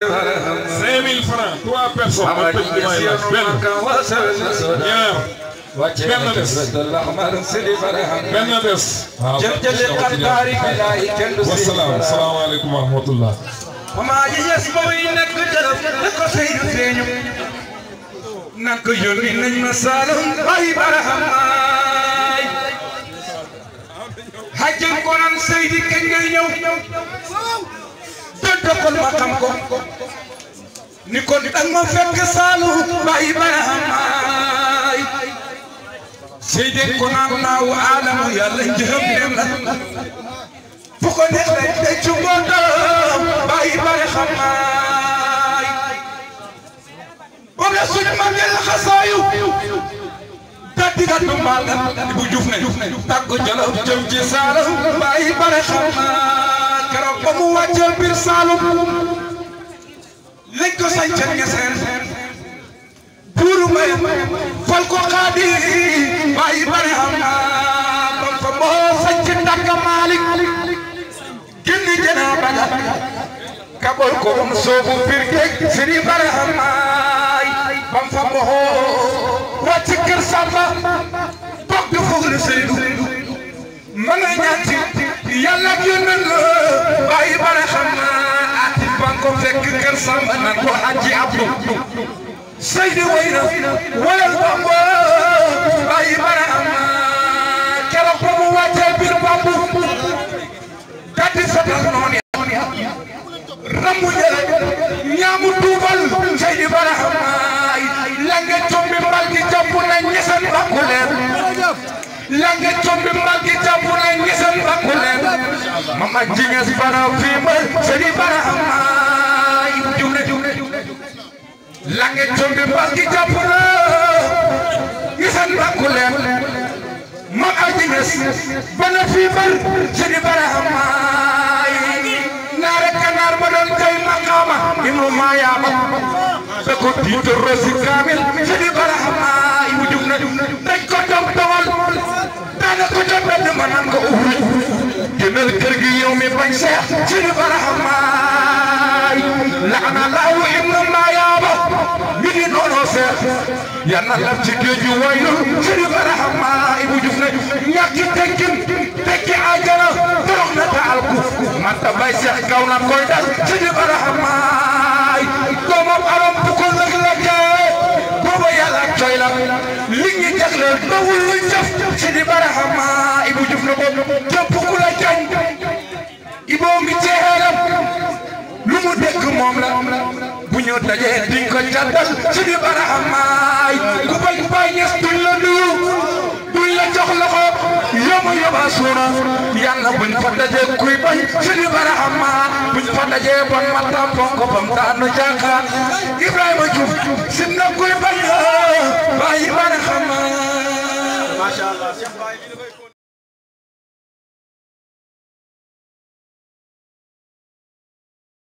cinq mille francs trois personnes ma tëj li may laaj benn ñaar benn des benn des waaw wasalaam salaamaaleykum wa rahmatullah nak yónni nañ ma Saalum ay barahamaay hajjan ko naan Seydi kañ ngay ñëw kon ma xam ko ni ko di dang ma fekk saalu baay baraamaay seydee ko naan naawu aalamu yàlla njëram dem la fu ko neex rek day cungoon doom baay baraamaay boobu la ma ngel xasaayu tàddi gàddu mbaal bu juf ne tàggu jolof jëm ci saalu baay baraamaay keroog ba mu wàccee biir Saalum lañ ko sañ am naa kon fa moo sañ ci Maalik génn jënaa bala kabol ko um soobu biir siri bari am naay bam fa moo wàcc kër Samba toog di foog la Seydou mën a ñaati ker samba nan ko aji abdu seydi wayna wayal bamba bayi bara amma kera ko mu wacce bir bambu dati satal noni ramu jere ñamu tuubal seydi bara amma lange tombi mbalki jambu na ñesan bakku leen lange tombi mbalki jambu na ñesan bakku leen mama jinges bara fi mbal seydi bara amma la tumbi bal gi jàpp na gisal bakku leen ma ajines bana fii bar sidi barahamaay naare kanaar ma doon tay maqaama inu maayaaba te ko tiitu kaamil sidi barahamaay mu jub na dañ ko dom domal daana ko jot benn ma naan ko uhuj jëndal kër gi yow mi bañ seex sidi barahamaay laana laahu ibnu mayaaba mi ngi noonu seet yal na lab ci géej gi waynu sëriñ barahama ibu juf na ñàkki tekkin tekki ajana na ta alku man ta bay seex kaw na koy dal sëriñ barahama doomam aram bu ko lëg la jaay booba yàlla coy la li ñu jagleel dawul lu jëf sëriñ barahama ibu juf na ko képp ku la jañ moom la bu ñu dajee di ko jàddal suñu barahamaay ku bañ Baay Ñas duñ la nuyu duñ la jox loxo yoma yoma suuna yàlla buñ fa dajee kuy bañ suñu barahama buñ fa dajee bon matam bonko bam taanu jànka Ibrahima Diouf sim na kuy bañ ah, bàyyi barahama macha Allah